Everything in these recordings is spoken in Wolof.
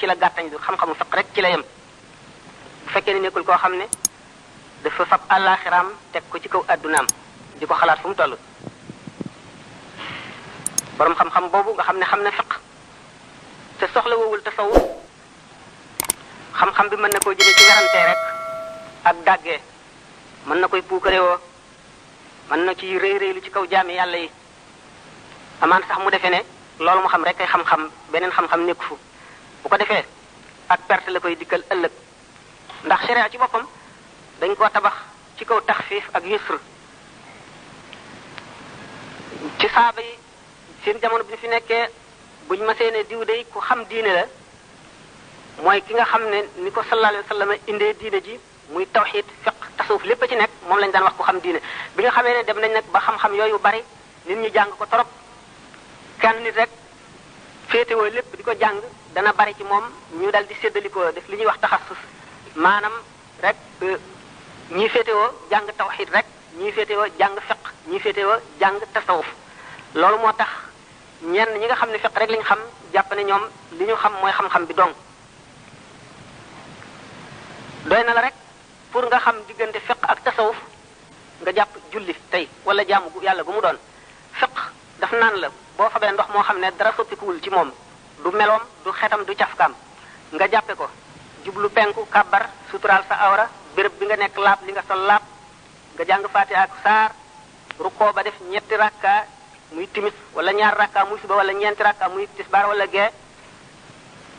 ci la gàttañ lu xam-xamu fiq rek ci la bu fekkee ne nekkul koo xam ne dafa fab àllaaxiraam teg ko ci kaw àddunaam di ko xalaat fu mu toll borom xam-xam boobu nga xam ne xam na fiq te soxla woowul tasawuf xam-xam bi mën na koo jëlee ci werantee rek ak dàggee mën na koy puukarewoo mën na ci rëy rëy lu ci kaw jaami yàlla yi amaan sax mu defee ne loolu mu xam rek ay xam-xam beneen xam-xam nekku fu bu ko defee ak perte la koy dikkal ëllëg ndax sharia ci boppam dañ ko tabax ci kaw taxfiif ak yusr ci saaba yi seen jamono bi ñu fi nekkee buñ masee ne diw day ku xam diine la mooy ki nga xam ne ni ko sallallahu alayhi wa sallam indee diine ji muy tawxid fiq tasawuf lépp ci nekk moom lañ daan wax ku xam diine bi nga xamee ne dem nañ nag ba xam-xam yooyu bari nit ñi jàng ko torop kan nit rek fete wo lepp diko ko dana bari ci mom ñu dal di seddaliko def li ñuy wax taxassus manam rek euh, ñi fete wo jang tawhid rek ñi fete wo jang fiqh ñi fete wo jang tasawuf lolu motax ñen ñi nga xamni fiqh rek liñ xam japp ne ñom liñu ham xam moy xam-xam bi dong doyna la rek pour nga xam diggante fiqh ak tasawuf nga japp julli tay wala jamu yalla gu mu doon daf nan la boo fabee ndox moo xam ne dara soppikuwul ci moom du meloom du xetam du cafkaam nga jàppe ko jublu penku kàbbar suturaal sa awra bërëb bi nga nekk laab li nga sol làpp nga jàng faatiha ak saar rukkoo ba def ñetti rakka muy timis wala ñaar rakka muy suba wala ñeenti rakka muy tisbaar wala gee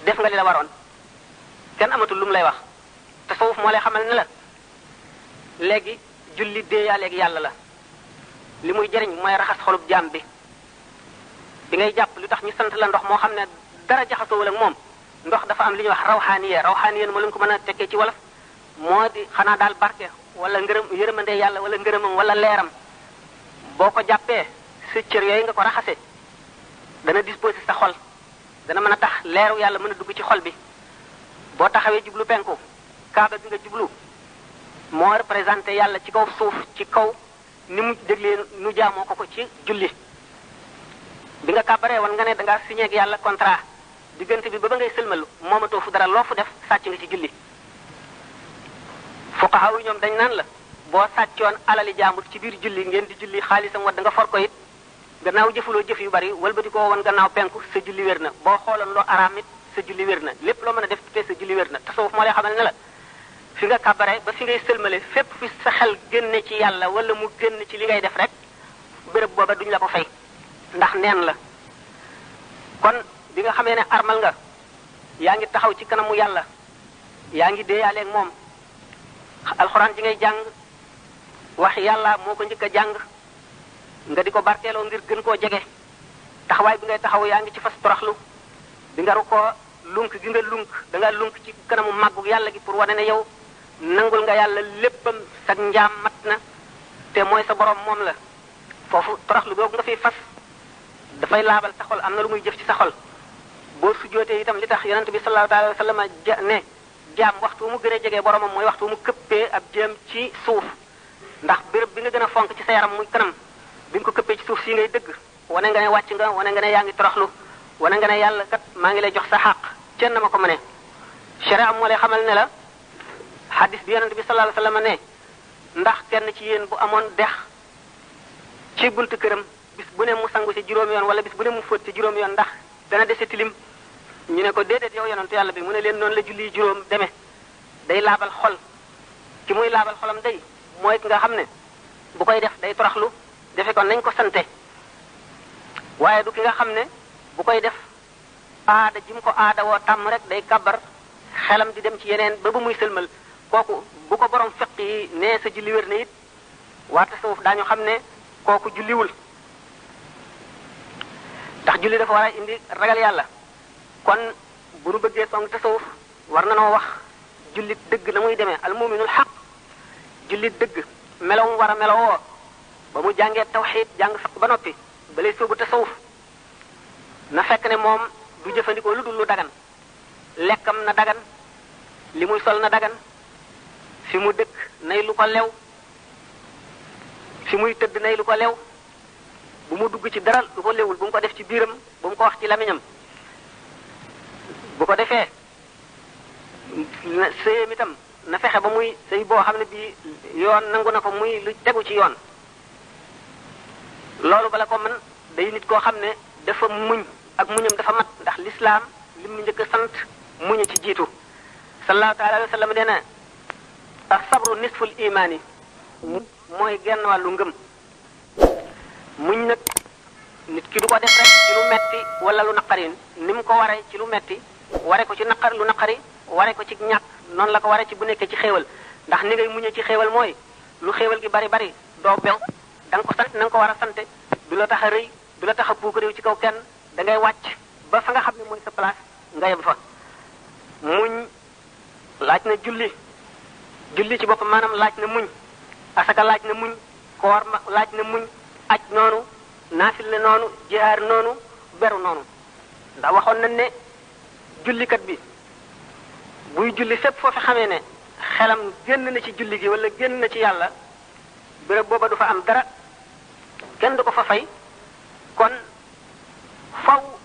def nga li la waroon kenn amatul lum lay wax tasawuf moo lay xamal ne la léegi julli déeyaa léegi yàlla la li muy jëriñ mooy raxas xolub jaam bi bi ngay jàpp lu tax ñu sant la ndox moo xam ne dara jaxasoowul ak moom ndox dafa am li ñuy wax raw rawxaaniye rawxaaniye moo leen ko mën a tekkee ci wolof moo di xanaa daal barke wala ngërëm yërëmande yàlla wala ngërëmam wala leeram boo ko jàppee sa cër yooyu nga ko raxase dana disposé sa xol dana mën a tax leeru yàlla mën a dugg ci xol bi boo taxawee jublu penku kaaba gi nga jublu moo représenté yàlla ci kaw suuf ci kaw ni mu déglee nu jaamoo ko ko ci julli bi nga kàbbaree woon nga ne da ngaa yàlla contrat diggante bi ba ba ngay sëlmalu moomatoo fu dara loo fu def sàcc nga ci julli fuqaha yi ñoom dañ naan la boo sàccoon alali jaambur ci biir julli ngeen di julli xaalisam wa da nga for ko it gannaaw jëfuloo jëf yu bari walbati koo woon gannaaw penku sa julli wér na boo xooloon loo araam it sa julli wér na lépp loo mën a def te sa julli wér na tasawuf moo lay xamal ne la fi nga kàbbaree ba fi ngay sëlmale fépp fi sa xel génne ci yàlla wala mu génn ci li ngay def rek béréb booba duñ la ko fay ndax neen la kon bi nga xamee ne armal nga yaa ngi taxaw ci kanamu yàlla yaa ngi yang mom, alxuraan ji ngay jang, wax yàlla moo ko njëkk a jàng nga di ko barteeloo ngir gën koo jege taxawaay bi ngay taxaw yaa ngi ci fas toraxlu bi nga dengar lunk gi nga lunk da nga lunk ci kanamu màggu yàlla gi pour wane ne yow nangul nga yàlla léppam sa njaam mat na te mooy sa borom moom la foofu toraxlu googu nga fiy fas dafay laabal sa xol am na lu muy jëf ci saxol bo su sujjootee itam li tax yonent bi sallallahu alayhi wa sallam ne jaam waxtu mu gën jege borom moy waxtu mu keppé ab jëm ci suuf ndax bërb bi nga gëna fonk ci sa yaram muy kanam bi nga ko keppé ci suuf si ngay dëgg wone nga ne wàcc nga wone nga ne yaa ngi toroxlu wone nga ne yàlla kat maa ngi lay jox sa xaq cenn ma ko mëne sharia moo lay xamal ne la hadis bi yonent bi sallallahu alayhi wa sallam ne ndax kenn ci yéen bu amoon dex ci buntu këram bis bu ne juróomi yoon wala bis bu ne mu fóot ci juróomi yoon ndax dana dese tilim ñu ne ko déedéet yow yonantu yàlla bi mu ne leen noonu la julli juróom deme day laabal xol ki muy laabal xolam day mooy ki nga xam ne bu koy def day toraxlu defe ko ko sante waaye du ki nga xam ne bu koy def aada ji mu ko aada woo tàmm rek day kabar xelam di dem ci yeneen ba ba muy sëlmal kooku bu ko boroom fiq yi nee sa julli wér na it waa tasawuf daañu xam ne kooku julliwul ndax julli dafa war a indi ragal yàlla kon bu nu bëggee song tasawuf war na noo wax jullit dëgg na muy demee almuminul xaq jullit dëgg melawum war a melawoo ba mu jàngee tawxiid jàng sax ba noppi balay soobu na fekk ne moom du jëfandikoo lu dul lu dagan lekkam na dagan li muy sol na dagan fi mu dëkk nay lu ko lew fi muy tëdd nay lu ko lew bu mu dugg ci dara lu ko lewul bu mu ko def ci biiram bu mu ko wax ci lamiñam bu ko defee sëyam itam na fexe ba muy sëy boo xam ne bii yoon nangu na ko muy lu tegu ci yoon loolu bala ko mën day nit koo xam ne dafa muñ ak muñam dafa mat ndax lislaam lim mu njëkk sant muñu ci jiitu sallallahu taala alayhi wa sallam nee na ak sabru nisful imaani mooy genn wàllu ngëm muñ nag nit ki du ko def rek ci lu metti wala lu naqarin ni mu ko waree ci lu metti waree ko ci naqar lu naqari ware ko ci ñàkk noonu la ko waree ci bu nekkee ci xéewal ndax ni ngay muñee ci xéewal mooy lu xéewal gi bari bari doo bew da nga ko sant na nga ko war a sante du la tax a rëy du la tax a puuk réew ci kaw kenn dangay ngay wàcc ba fa nga xam ne mooy sa place nga yem fa muñ laaj na julli julli ci boppam maanaam laaj na muñ asaka laaj na muñ laaj na muñ aj noonu naafile noonu jihaar noonu beru noonu ndax waxoon nañ ne jullikat bi buy julli fépp foo xamee ne xelam génn na ci julli gi wala génn na ci yàlla béréb booba du fa am dara kenn du ko fa fay kon faw